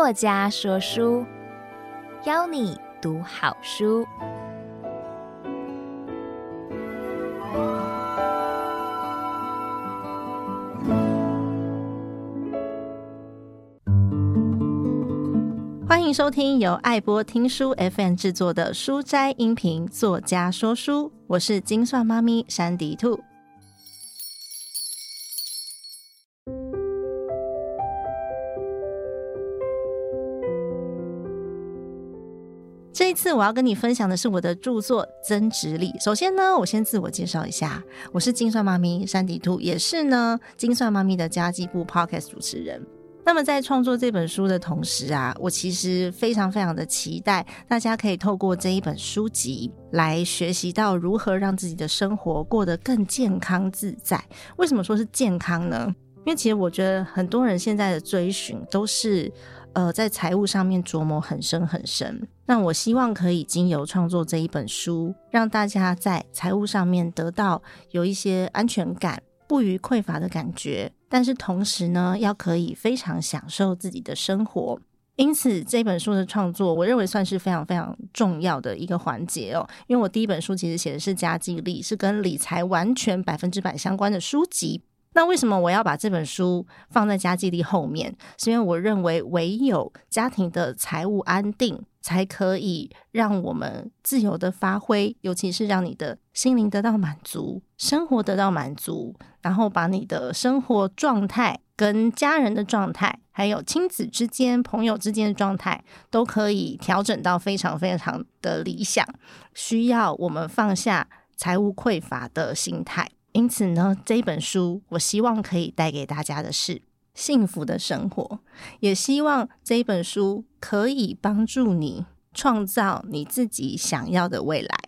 作家說書，邀你讀好書。歡迎收聽由愛播聽書 FM 製作的書齋音頻作家說書，我是精算媽咪珊迪兔。次我要跟你分享的是我的著作《增值力》。首先呢，我先自我介紹一下，我是精算媽咪珊迪兔，也是呢精算媽咪的家計簿 Podcast 主持人。那麼在創作這本書的同時啊，我其實非常非常的期待大家可以透過這一本書籍來學習到如何讓自己的生活過得更健康自在。為什麼說是健康呢？因為其實我覺得很多人現在的追尋都是呃在財務上面琢磨很深很深。那我希望可以經由創作這一本書，讓大家在財務上面得到有一些安全感，不虞匱乏的感覺。但是同時呢，要可以非常享受自己的生活。因此，這本書的創作，我認為算是非常非常重要的一個環節哦。因為我第一本書其實寫的是《家計力》，是跟理財完全百分之百相關的書籍。那為什麼我要把這本書放在《家計力》後面？是因為我認為，唯有家庭的財務安定。才可以讓我們自由的發揮，尤其是讓你的心靈得到滿足，生活得到滿足，然後把你的生活狀態、跟家人的狀態，還有親子之間、朋友之間的狀態，都可以調整到非常非常的理想。需要我們放下財務匱乏的心態，因此呢，這本書我希望可以帶給大家的是，幸福的生活，也希望這一本書可以幫助你創造你自己想要的未來。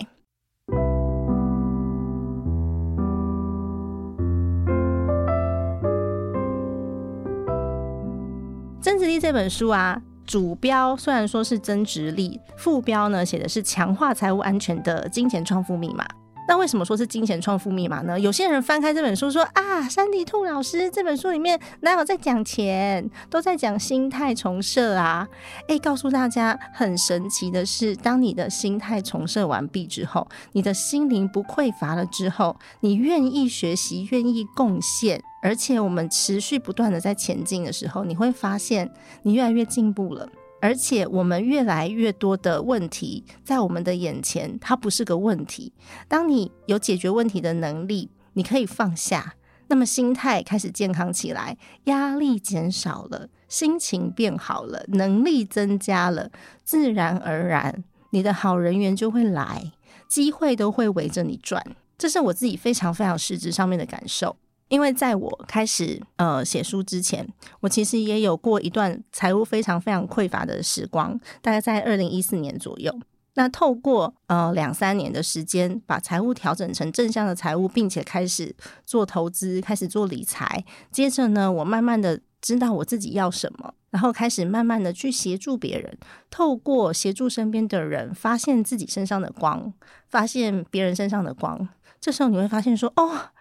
增值力這本書啊，主標雖然說是增值力，副標呢，寫的是強化財務安全的金錢創富密碼。那為什麼說是金錢創富密碼呢？有些人翻開這本書說啊，珊迪兔老師這本書裡面哪有在講錢，都在講心態重設啊。誒、欸，告訴大家，很神奇的是，當你的心態重設完畢之後，你的心靈不匱乏了之後，你願意學習，願意貢獻，而且我們持續不斷的在前進的時候，你會發現你越來越進步了。而且我們越來越多的問題在我們的眼前，它不是個問題。當你有解決問題的能力，你可以放下，那麼心態開始健康起來，壓力減少了，心情變好了，能力增加了，自然而然你的好人緣就會來，機會都會圍着你轉。這是我自己非常非常實質上面的感受。因為在我開始呃寫書之前，我其實也有過一段財務非常非常匱乏的時光，大概在二零一四年左右。那透過呃兩三年的時間，把財務調整成正向的財務，並且開始做投資，開始做理財。接着呢，我慢慢的知道我自己要什麼，然後開始慢慢的去協助別人，透過協助身邊的人，發現自己身上的光，發現別人身上的光。這時候你會發現說，哦。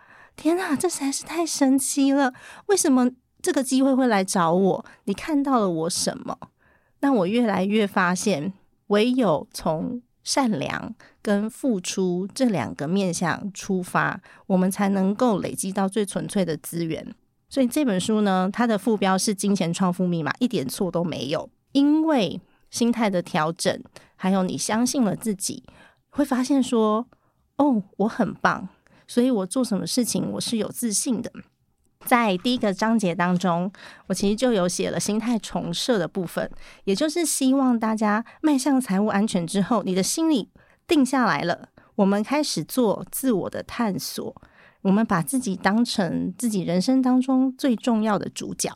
天哪，這實在是太神奇了！為什麼這個機會會來找我？你看到了我什麼？那我越來越發現，唯有從善良跟付出這兩個面向出發，我們才能夠累積到最純粹的資源。所以這本書呢，它的副標是“金錢創富密碼”，一點錯都沒有。因為心態的調整，還有你相信了自己，會發現說：“哦，我很棒。”所以，我做什麼事情我是有自信的。在第一個章節當中，我其實就有寫了心態重設的部分，也就是希望大家邁向財務安全之後，你的心裡定下來了。我們開始做自我的探索，我們把自己當成自己人生當中最重要的主角。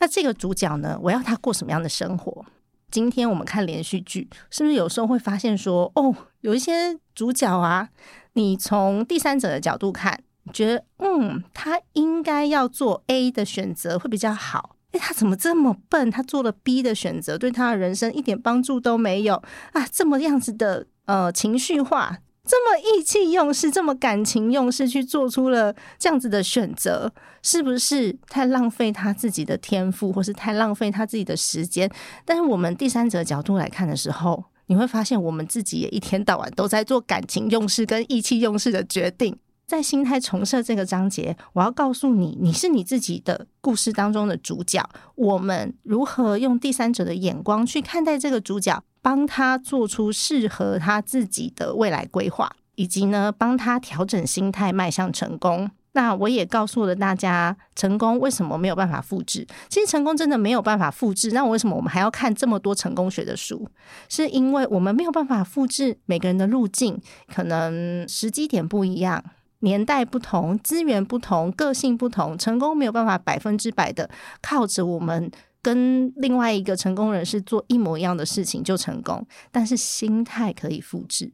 那這個主角呢，我要他過什麼樣的生活？今天我們看連續劇，是不是有時候會發現說，哦，有一些主角啊，你從第三者的角度看，覺得嗯，他應該要做 A 的選擇會比較好。誒，他怎麼這麼笨？他做了 B 的選擇，對他的人生一點幫助都沒有啊！這麼樣子的呃情緒化，這麼意氣用事，這麼感情用事，去做出了這樣子的選擇。是不是太浪費他自己的天賦，或是太浪費他自己的時間？但是我們第三者角度來看的時候，你會發現，我們自己也一天到晚都在做感情用事跟意氣用事的決定。在心態重設這個章節，我要告訴你，你是你自己的故事當中的主角。我們如何用第三者的眼光去看待這個主角，幫他做出適合他自己的未來規劃，以及呢，幫他調整心態，邁向成功。那我也告訴了大家，成功為什麼沒有辦法複製？其實成功真的沒有辦法複製。那我為什麼我們還要看這麼多成功學的書？是因為我們沒有辦法複製每個人的路徑，可能時機點不一樣，年代不同，資源不同，個性不同，成功沒有辦法百分之百的靠着我們跟另外一個成功人士做一模一樣的事情就成功，但是心態可以複製，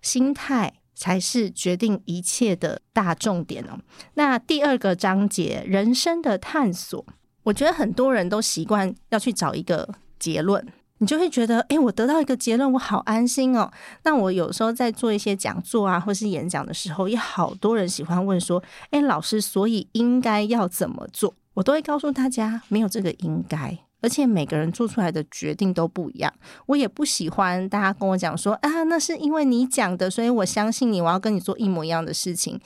心態。才是決定一切的大重點哦。那第二個章節，人生的探索，我覺得很多人都習慣要去找一個結論，你就會覺得，哎，我得到一個結論，我好安心哦。那我有時候在做一些講座啊或是演講的時候，也好多人喜歡問說，哎，老師，所以應該要怎麼做？我都會告訴大家，沒有這個應該。而且每個人做出來的決定都不一樣，我也不喜歡大家跟我講說啊，那是因為你講的，所以我相信你，我要跟你做一模一樣的事情。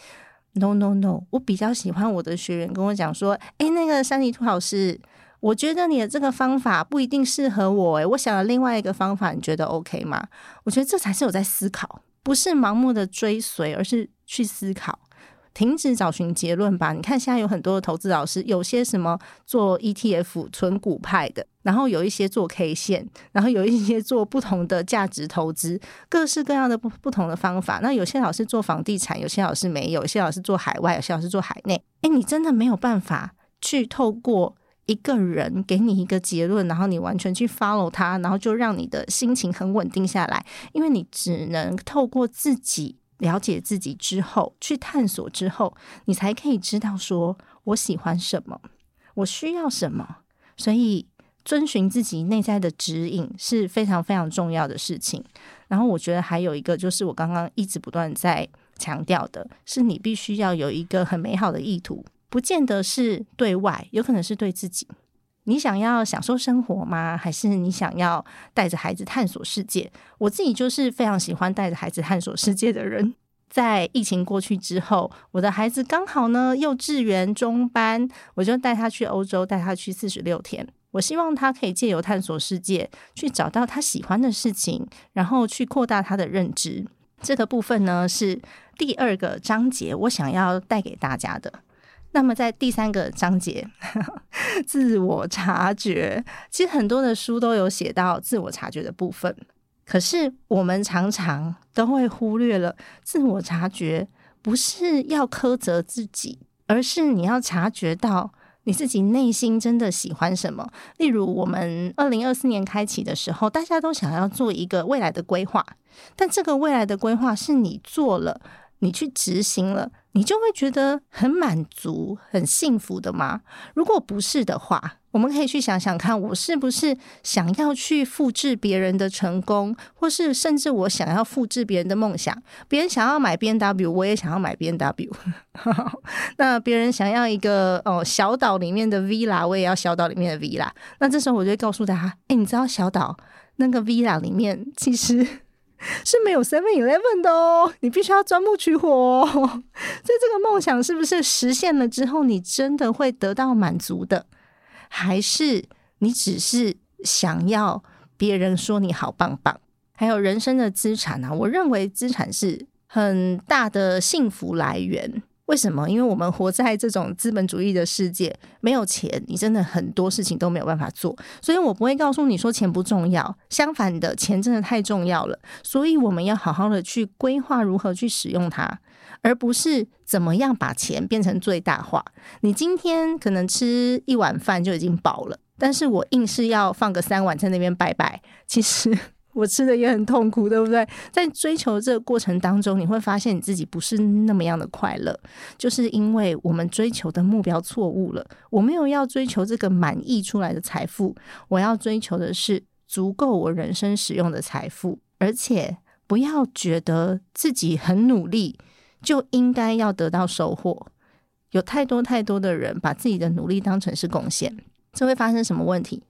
No no no，我比較喜歡我的學員跟我講說，誒、欸，那個珊迪兔老師，我覺得你的這個方法不一定適合我，欸，誒，我想了另外一個方法，你覺得 OK 嗎？我覺得這才是我在思考，不是盲目的追隨，而是去思考。停止找尋結論吧！你看，現在有很多的投資老師，有些什麼做 ETF 存股派的，然後有一些做 K 線，然後有一些做不同的價值投資，各式各樣的不不同的方法。那有些老師做房地產，有些老師沒有，有些老師做海外，有些老師做海內。哎、欸，你真的沒有辦法去透過一個人給你一個結論，然後你完全去 follow 他，然後就讓你的心情很穩定下來，因為你只能透過自己。了解自己之後，去探索之後，你才可以知道說我喜歡什麼，我需要什麼。所以，遵循自己內在的指引是非常非常重要的事情。然後，我覺得還有一個就是，我剛剛一直不斷在強調的，是你必須要有一個很美好的意圖，不見得是對外，有可能是對自己。你想要享受生活嗎？還是你想要帶着孩子探索世界？我自己就是非常喜歡帶着孩子探索世界的人。在疫情過去之後，我的孩子剛好呢，幼稚園中班，我就帶他去歐洲，帶他去四十六天。我希望他可以借由探索世界，去找到他喜歡的事情，然後去擴大他的認知。這個部分呢，是第二個章節我想要帶給大家的。那麼，在第三個章節呵呵，自我察覺，其實很多的書都有寫到自我察覺的部分。可是，我們常常都會忽略了，自我察覺不是要苛責自己，而是你要察覺到你自己內心真的喜歡什麼。例如，我們二零二四年開啟的時候，大家都想要做一個未來的規劃，但這個未來的規劃是你做了。你去執行了，你就會覺得很滿足、很幸福的嗎？如果不是的話，我們可以去想想看，我是不是想要去複製別人的成功，或是甚至我想要複製別人的夢想？別人想要買 BMW，我也想要買 BMW。那別人想要一個哦小島裡面的 Villa，我也要小島裡面的 Villa。那這時候我就會告訴他，哎、欸，你知道小島那個 Villa 裡面其實……是沒有 seven eleven 的哦，你必須要鑽木取火哦。 所以這個夢想是不是實現了之後，你真的會得到滿足的，還是你只是想要別人說你好棒棒？還有人生的資產啊，我認為資產是很大的幸福來源。為什麼？因為我們活在這種資本主義的世界，沒有錢，你真的很多事情都沒有辦法做。所以我不會告訴你說錢不重要，相反的，錢真的太重要了。所以我們要好好的去規劃如何去使用它，而不是怎麼樣把錢變成最大化。你今天可能吃一碗飯就已經飽了，但是我硬是要放個三碗在那邊拜拜。其實。我吃的也很痛苦，對不對？在追求這個過程當中，你會發現你自己不是那麼樣的快樂，就是因為我們追求的目標錯誤了。我沒有要追求這個滿溢出來的財富，我要追求的是足夠我人生使用的財富，而且不要覺得自己很努力就應該要得到收穫。有太多太多的人把自己的努力當成是貢獻，這會發生什麼問題？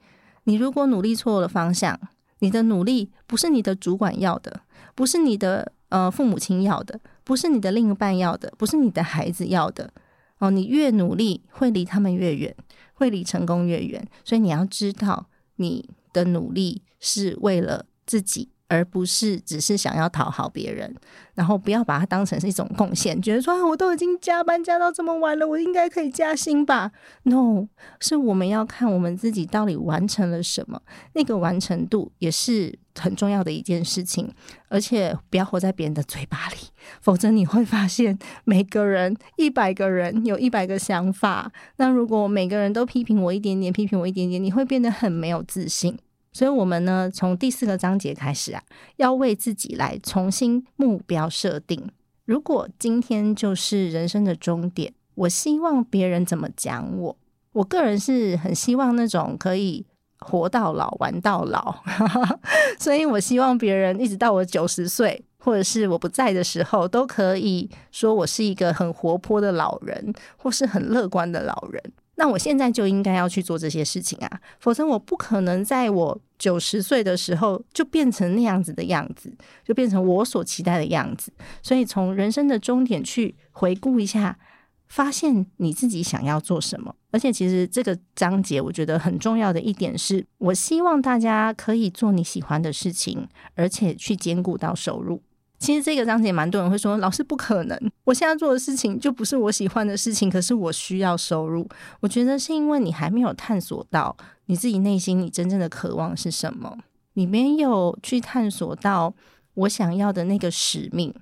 你如果努力錯了方向。你的努力不是你的主管要的，不是你的呃父母親要的，不是你的另一半要的，不是你的孩子要的。哦，你越努力會離他們越遠，會離成功越遠，所以你要知道，你的努力是為了自己。而不是只是想要討好別人，然後不要把它當成是一種貢獻，覺得說，啊，我都已經加班加到這麼晚了，我應該可以加薪吧？No，是我們要看我們自己到底完成了什麼，那個完成度也是很重要的一件事情。而且不要活在別人的嘴巴裡，否則你會發現每個人一百個人有一百個想法。那如果每個人都批評我一點點，批評我一點點，你會變得很沒有自信。所以，我們呢，從第四個章節開始啊，要為自己來重新目標設定。如果今天就是人生的終點，我希望別人怎麼講我，我個人是很希望那種可以活到老，玩到老。 所以我希望別人一直到我九十歲，或者是我不在的時候，都可以說我是一個很活潑的老人，或是很樂觀的老人。那我現在就應該要去做這些事情啊，否則我不可能在我九十歲的時候就變成那樣子的樣子，就變成我所期待的樣子。所以從人生的終點去回顧一下，發現你自己想要做什麼。而且其實這個章節我覺得很重要的一點是，我希望大家可以做你喜歡的事情，而且去兼顧到收入。其實這個章節也蠻多人會說，老師不可能，我現在做的事情就不是我喜歡的事情，可是我需要收入。我覺得是因為你還沒有探索到你自己內心你真正的渴望是什麼，你沒有去探索到我想要的那個使命。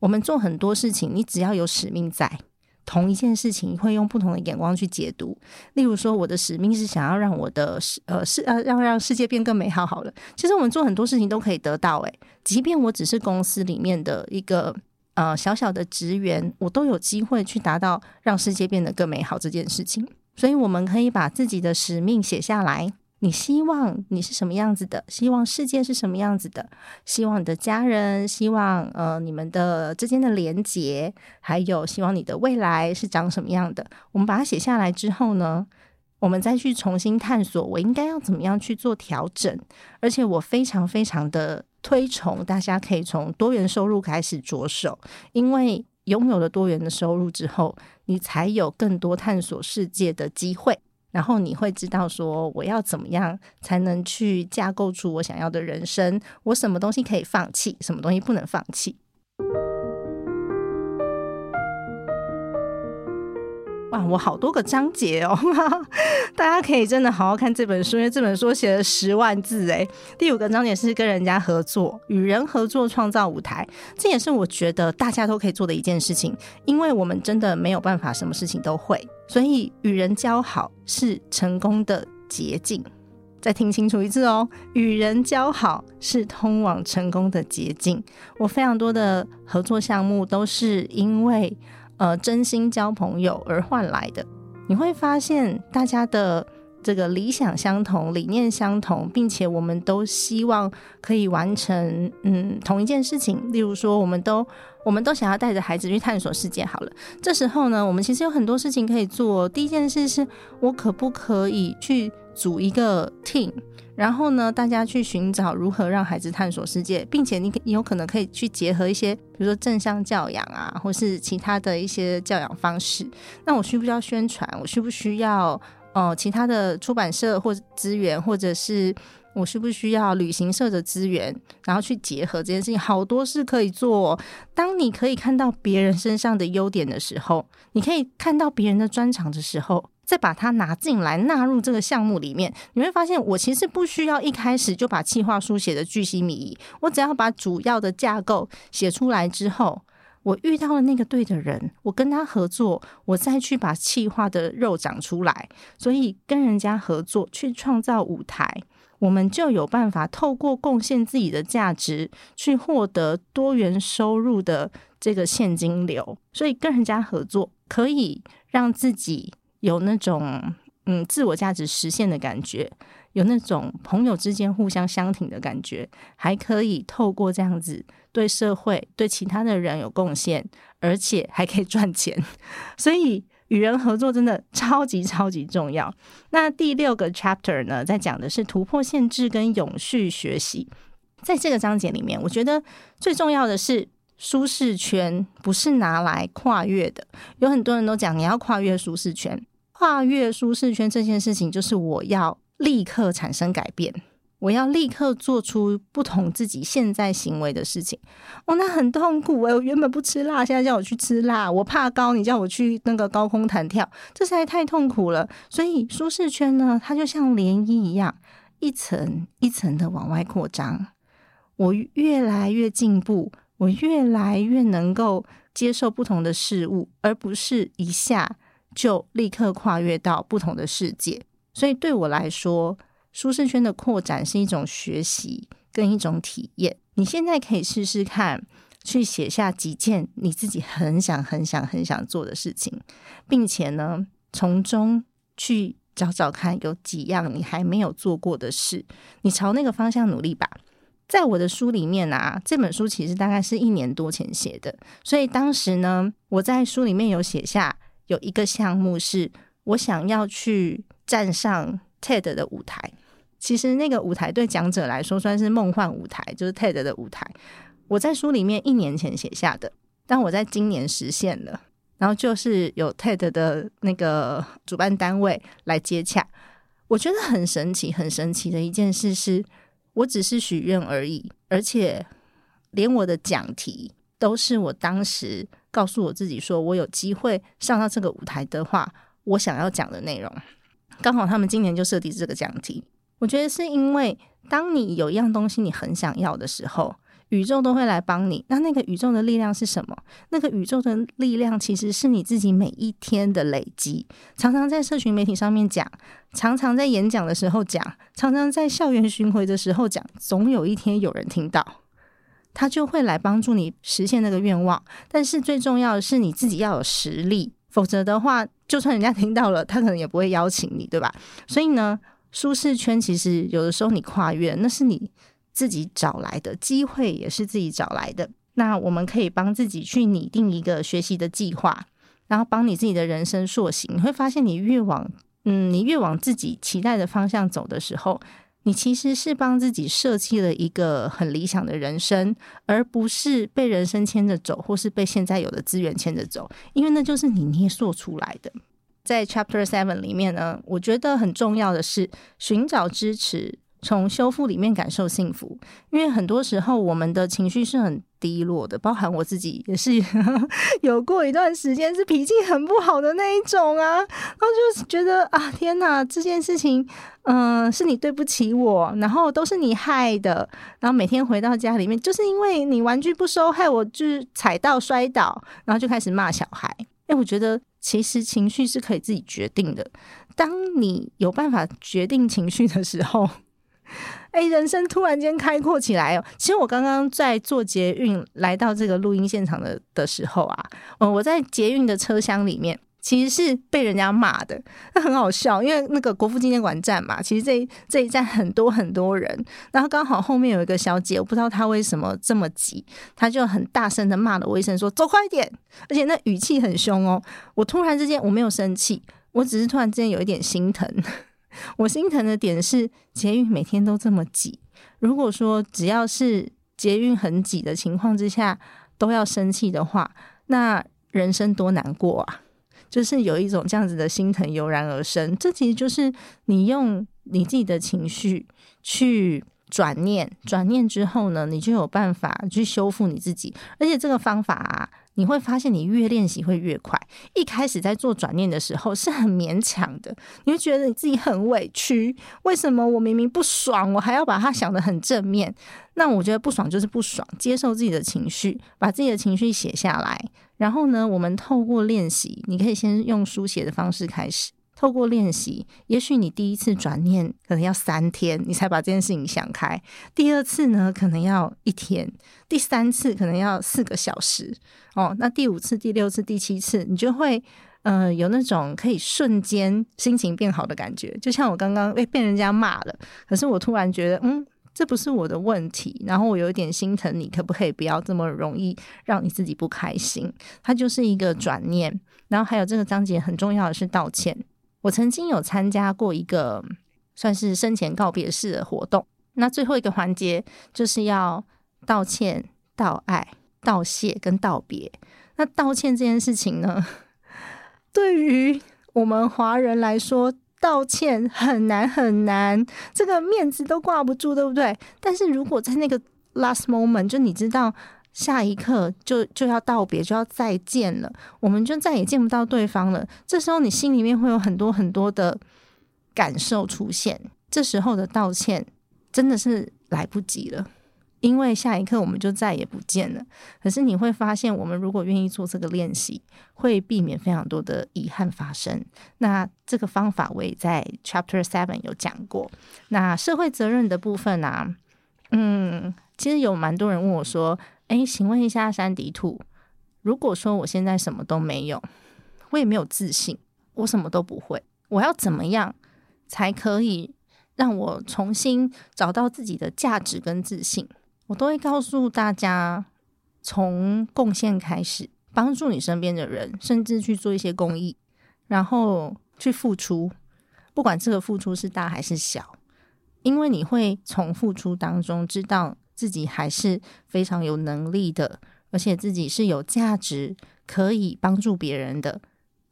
我們做很多事情，你只要有使命在。同一件事情會用不同的眼光去解讀。例如說，我的使命是想要讓我的世呃世呃要讓世界變更美好。好了，其實我們做很多事情都可以得到、欸。誒，即便我只是公司裡面的一個呃小小的職員，我都有機會去達到讓世界變得更美好這件事情。所以我們可以把自己的使命寫下來。你希望你是什麼樣子的？希望世界是什麼樣子的？希望你的家人，希望呃你們的之間的連結，還有希望你的未來是長什麼樣的？我們把它寫下來之後呢，我們再去重新探索我應該要怎麼樣去做調整。而且我非常非常的推崇大家可以從多元收入開始着手，因為擁有了多元的收入之後，你才有更多探索世界的機會。然後你會知道說，我要怎麼樣才能去架構出我想要的人生？我什麼東西可以放棄，什麼東西不能放棄？啊，我好多個章節哦，大家可以真的好好看這本書，因為這本書寫了十萬字。誒，第五個章節是跟人家合作，與人合作創造舞台，這也是我覺得大家都可以做的一件事情，因為我們真的沒有辦法什麼事情都會，所以與人交好是成功的捷徑。再聽清楚一次哦，與人交好是通往成功的捷徑。我非常多的合作項目都是因為。呃，真心交朋友而換來的，你會發現大家的這個理想相同，理念相同，並且我們都希望可以完成，嗯，同一件事情。例如說，我們都我們都想要帶着孩子去探索世界。好了，這時候呢，我們其實有很多事情可以做。第一件事是我可不可以去？組一個 team，然後呢，大家去尋找如何讓孩子探索世界，並且你有可能可以去結合一些，比如說正向教養啊，或是其他的一些教養方式。那我需不需要宣傳？我需不需要呃其他的出版社或資源，或者是我需不需要旅行社的資源，然後去結合這件事情？好多事可以做。當你可以看到別人身上的優點的時候，你可以看到別人的專長的時候。再把它拿進來納入這個項目裡面，你會發現，我其實不需要一開始就把企劃書寫的巨細靡遺，我只要把主要的架構寫出來之後，我遇到了那個對的人，我跟他合作，我再去把企劃的肉長出來。所以跟人家合作去創造舞台，我們就有辦法透過貢獻自己的價值去獲得多元收入的這個現金流。所以跟人家合作可以讓自己有那種嗯，自我價值實現的感覺，有那種朋友之間互相相挺的感覺，還可以透過這樣子對社會、對其他的人有貢獻，而且還可以賺錢。所以與人合作真的超級超級重要。那第六個 chapter 呢，在講的是突破限制跟永續學習。在這個章節裡面，我覺得最重要的是。舒適圈不是拿來跨越的。有很多人都講，你要跨越舒適圈。跨越舒適圈這件事情，就是我要立刻產生改變，我要立刻做出不同自己現在行為的事情。哦，那很痛苦誒、欸，我原本不吃辣，現在叫我去吃辣，我怕高，你叫我去那個高空彈跳，這實在太痛苦了。所以舒適圈呢，它就像漣漪一樣，一層一層的往外擴張。我越來越進步。我越來越能夠接受不同的事物，而不是一下就立刻跨越到不同的世界。所以對我來說，舒適圈的擴展是一種學習跟一種體驗。你現在可以試試看，去寫下幾件你自己很想、很想、很想做的事情，並且呢，從中去找找看有幾樣你還沒有做過的事，你朝那個方向努力吧。在我的書裡面啊，這本書其實大概是一年多前寫的，所以當時呢，我在書裡面有寫下有一個項目，是我想要去站上 TED 的舞台。其實那個舞台對講者來說算是夢幻舞台，就是 TED 的舞台。我在書裡面一年前寫下的，但我在今年實現了。然後就是有 TED 的那個主辦單位來接洽，我覺得很神奇，很神奇的一件事是。我只是許願而已，而且連我的講題都是我當時告訴我自己說，我有機會上到這個舞台的話，我想要講的內容，剛好他們今年就設計這個講題。我覺得是因為，當你有一樣東西你很想要的時候。宇宙都會來幫你。那那個宇宙的力量是什麼？那個宇宙的力量其實是你自己每一天的累積。常常在社群媒體上面講，常常在演講的時候講，常常在校園巡迴的時候講，總有一天有人聽到，他就會來幫助你實現那個願望。但是最重要的是你自己要有實力，否則的話，就算人家聽到了，他可能也不會邀請你，對吧？所以呢，舒適圈其實有的時候你跨越，那是你。自己找來的機會也是自己找來的。那我們可以幫自己去擬定一個學習的計劃，然後幫你自己的人生塑形。你會發現，你越往嗯，你越往自己期待的方向走的時候，你其實是幫自己設計了一個很理想的人生，而不是被人生牽着走，或是被現在有的資源牽着走。因為那就是你捏塑出來的。在 Chapter Seven 裡面呢，我覺得很重要的是尋找支持。從修復裡面感受幸福，因為很多時候我們的情緒是很低落的，包含我自己也是呵呵有過一段時間是脾氣很不好的那一種啊，然後就覺得啊，天吶，這件事情，嗯、呃，是你對不起我，然後都是你害的，然後每天回到家裡面，就是因為你玩具不收害，害我就是踩到摔倒，然後就開始罵小孩。誒，我覺得其實情緒是可以自己決定的，當你有辦法決定情緒的時候。哎、欸，人生突然間開闊起來哦！其實我剛剛在坐捷運來到這個錄音現場的的時候啊，嗯，我在捷運的車廂裡面，其實是被人家罵的，那很好笑，因為那個國父紀念館站嘛，其實這一這一站很多很多人，然後剛好後面有一個小姐，我不知道她為什麼這麼急，她就很大聲的罵了我一聲，說走快點，而且那語氣很兇哦。我突然之間我沒有生氣，我只是突然之間有一點心疼。我心疼的點是，捷運每天都這麼擠。如果說只要是捷運很擠的情況之下都要生氣的話，那人生多難過啊！就是有一種這樣子的心疼油然而生。這其實就是你用你自己的情緒去轉念，轉念之後呢，你就有辦法去修復你自己。而且這個方法啊。你會發現，你越練習會越快。一開始在做轉念的時候是很勉強的，你會覺得你自己很委屈。為什麼我明明不爽，我還要把它想得很正面？那我覺得不爽就是不爽，接受自己的情緒，把自己的情緒寫下來。然後呢，我們透過練習，你可以先用書寫的方式開始。透過練習，也許你第一次轉念可能要三天，你才把這件事情想開；第二次呢，可能要一天；第三次可能要四個小時。哦，那第五次、第六次、第七次，你就會呃有那種可以瞬間心情變好的感覺。就像我剛剛被被人家罵了，可是我突然覺得，嗯，這不是我的問題。然後我有點心疼你，可不可以不要這麼容易讓你自己不開心？它就是一個轉念。然後還有這個章節很重要的是道歉。我曾經有參加過一個算是生前告別式的活動，那最後一個環節就是要道歉、道愛、道謝跟道別。那道歉這件事情呢，對於我們華人來說，道歉很難很難，這個面子都掛不住，對不對？但是如果在那個 last moment，就你知道。下一刻就就要道別，就要再見了，我們就再也見不到對方了。這時候你心裡面會有很多很多的感受出現。這時候的道歉真的是來不及了，因為下一刻我們就再也不見了。可是你會發現，我們如果願意做這個練習，會避免非常多的遺憾發生。那這個方法我也在 Chapter Seven 有講過。那社會責任的部分呢、啊？嗯，其實有蠻多人問我說。哎，請問一下，珊迪兔，如果說我現在什麼都沒有，我也沒有自信，我什麼都不會，我要怎麼樣才可以讓我重新找到自己的價值跟自信？我都會告訴大家，從貢獻開始，幫助你身邊的人，甚至去做一些公益，然後去付出，不管這個付出是大還是小，因為你會從付出當中知道。自己還是非常有能力的，而且自己是有價值，可以幫助別人的。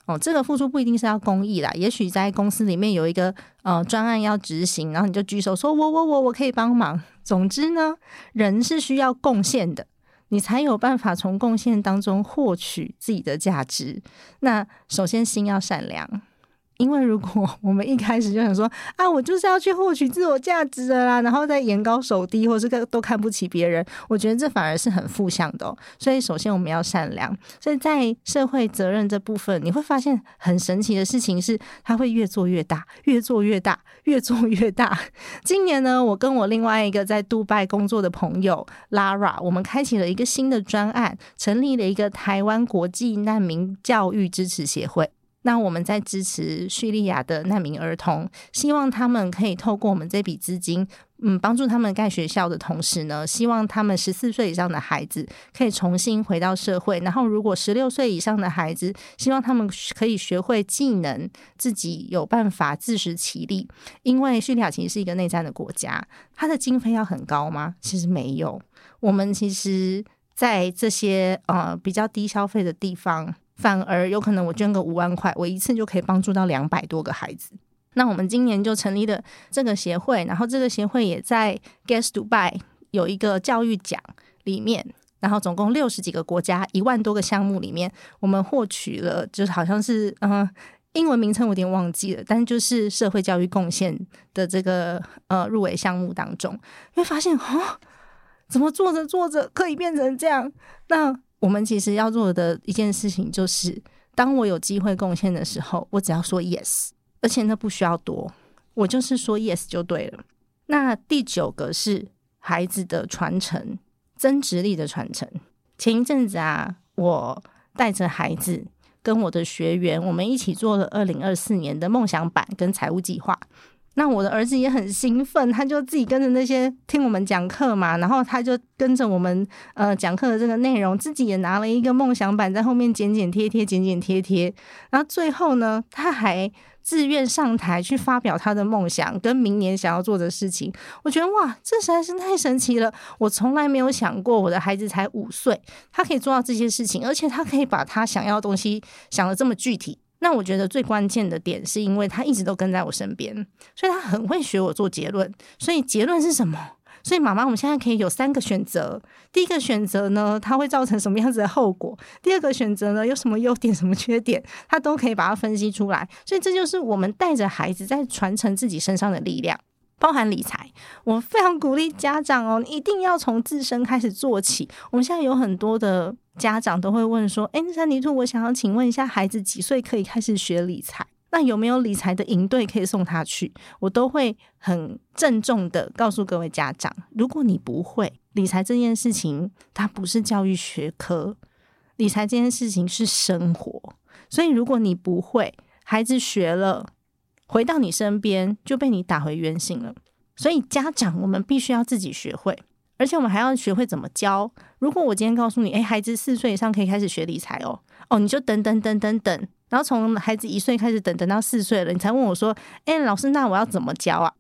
哦，這個付出不一定是要公益啦，也許在公司裡面有一個呃專案要執行，然後你就舉手說：“我我我我可以幫忙。”總之呢，人是需要貢獻的，你才有辦法從貢獻當中獲取自己的價值。那首先心要善良。因為如果我們一開始就想說啊，我就是要去獲取自我價值的啦，然後再眼高手低，或是個都看不起別人，我覺得這反而是很負向的哦。所以，首先我們要善良。所以在社會責任這部分，你會發現很神奇的事情是，它會越做越大，越做越大，越做越大。今年呢，我跟我另外一個在杜拜工作的朋友 Lara，我們開啟了一個新的專案，成立了一個台灣國際難民教育支持協會。那我們在支持敘利亞的難民兒童，希望他們可以透過我們這筆資金，嗯，幫助他們蓋學校的同時呢，希望他們十四歲以上的孩子可以重新回到社會。然後，如果十六歲以上的孩子，希望他們可以學會技能，自己有辦法自食其力。因為敘利亞其實是一個內戰的國家，它的經費要很高嗎？其實沒有。我們其實，在這些呃比較低消費的地方。反而有可能，我捐個五萬塊，我一次就可以幫助到兩百多個孩子。那我們今年就成立了這個協會，然後這個協會也在 g a e s Dubai 有一個教育獎裡面，然後總共六十幾個國家，一萬多個項目裡面，我們獲取了就是好像是嗯、呃、英文名稱我有點忘記了，但是就是社會教育貢獻的這個呃入圍項目當中，會發現哦，怎麼做着做着可以變成這樣？那我們其實要做的一件事情，就是當我有機會貢獻的時候，我只要說 yes，而且那不需要多，我就是說 yes 就對了。那第九個是孩子的傳承，增值力的傳承。前一陣子啊，我帶着孩子跟我的學員，我們一起做了二零二四年的夢想版跟財務計劃。那我的兒子也很興奮，他就自己跟着那些聽我們講課嘛，然後他就跟着我們呃講課的這個內容，自己也拿了一個夢想板在後面剪剪貼貼，剪剪貼貼。然後最後呢，他還自願上台去發表他的夢想跟明年想要做的事情。我覺得哇，這實在是太神奇了！我從來沒有想過，我的孩子才五歲，他可以做到這些事情，而且他可以把他想要的東西想得這麼具體。那我覺得最關鍵的點，是因為他一直都跟在我身邊，所以他很會學我做結論。所以結論是什麼？所以媽媽，我們現在可以有三個選擇。第一個選擇呢，它會造成什麼樣子的後果？第二個選擇呢，有什麼優點、什麼缺點？他都可以把它分析出來。所以這就是我們帶着孩子在傳承自己身上的力量。包含理財，我非常鼓勵家長哦，你一定要從自身開始做起。我們現在有很多的家長都會問說：“哎、欸，珊迪兔，我想要請問一下，孩子幾歲可以開始學理財？那有沒有理財的營隊可以送他去？”我都會很鄭重的告訴各位家長，如果你不會理財這件事情，它不是教育學科，理財這件事情是生活，所以如果你不會，孩子學了。回到你身邊就被你打回原形了，所以家長我們必須要自己學會，而且我們還要學會怎麼教。如果我今天告訴你，哎、欸，孩子四歲以上可以開始學理財哦，哦，你就等等等等，等等，然後從孩子一歲開始等等到四歲了，你才問我說，哎、欸，老師，那我要怎麼教啊？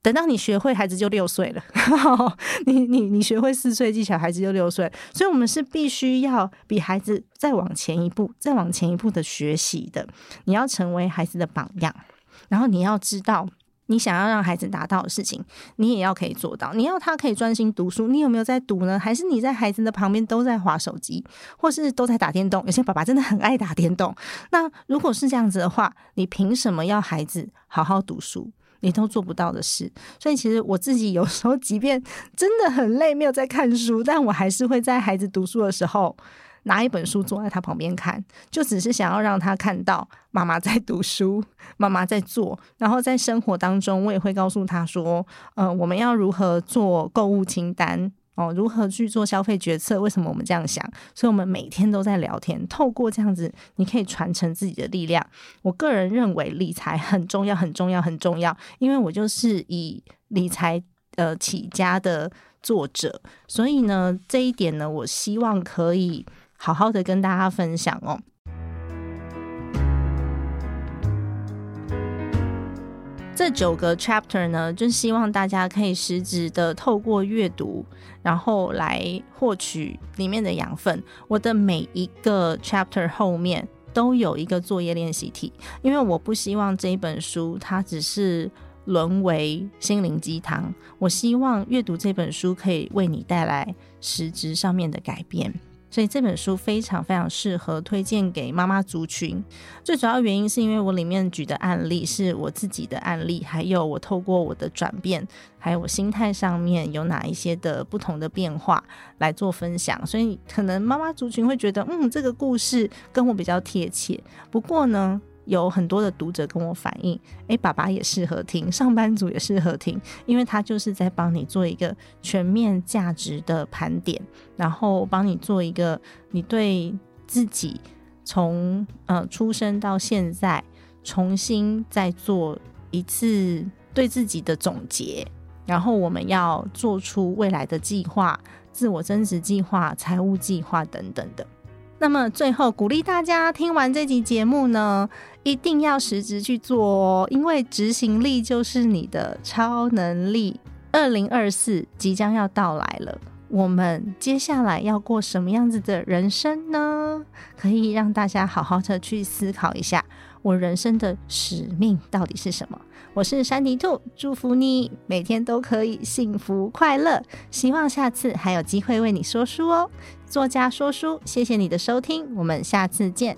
等到你學會，孩子就六歲了。 你你你學會四歲技巧，孩子就六歲，所以我們是必須要比孩子再往前一步，再往前一步的學習的。你要成為孩子的榜樣。然後你要知道，你想要讓孩子達到的事情，你也要可以做到。你要他可以專心讀書，你有沒有在讀呢？還是你在孩子的旁邊都在滑手機，或是都在打電動？有些爸爸真的很愛打電動。那如果是這樣子的話，你憑什麼要孩子好好讀書？你都做不到的事，所以其實我自己有時候，即便真的很累，沒有在看書，但我還是會在孩子讀書的時候。拿一本書坐在他旁邊看，就只是想要讓他看到媽媽在讀書，媽媽在做，然後在生活當中，我也會告訴他說：“呃，我們要如何做購物清單哦，呃，如何去做消費決策，為什麼我們這樣想？”所以，我們每天都在聊天。透過這樣子，你可以傳承自己的力量。我個人認為理財很重要，很重要，很重要，因為我就是以理財呃起家的作者，所以呢，這一點呢，我希望可以。好好的跟大家分享哦。這九個 chapter 呢，就希望大家可以實質的透過閱讀，然後來獲取裡面的養分。我的每一個 chapter 後面都有一個作業練習題，因為我不希望這一本書它只是淪為心靈雞湯。我希望閱讀這本書可以為你帶來實質上面的改變。所以這本書非常非常適合推薦給媽媽族群，最主要原因是因為我裡面舉的案例是我自己的案例，還有我透過我的轉變，還有我心態上面有哪一些的不同的變化來做分享。所以可能媽媽族群會覺得，嗯，這個故事跟我比較貼切。不過呢，有很多的讀者跟我反映，誒、欸，爸爸也適合聽，上班族也適合聽，因為他就是在幫你做一個全面價值的盤點，然後幫你做一個你對自己從呃出生到現在重新再做一次對自己的總結，然後我們要做出未來的計劃、自我增值計劃、財務計劃等等的。那麼最後鼓勵大家聽完這集節目呢，一定要實質去做哦，因為執行力就是你的超能力。二零二四即將要到來了，我們接下來要過什麼樣子的人生呢？可以讓大家好好的去思考一下，我人生的使命到底是什麼？我是珊迪兔，祝福你每天都可以幸福快樂，希望下次還有機會為你說書哦。作家說書，謝謝你的收聽，我們下次見。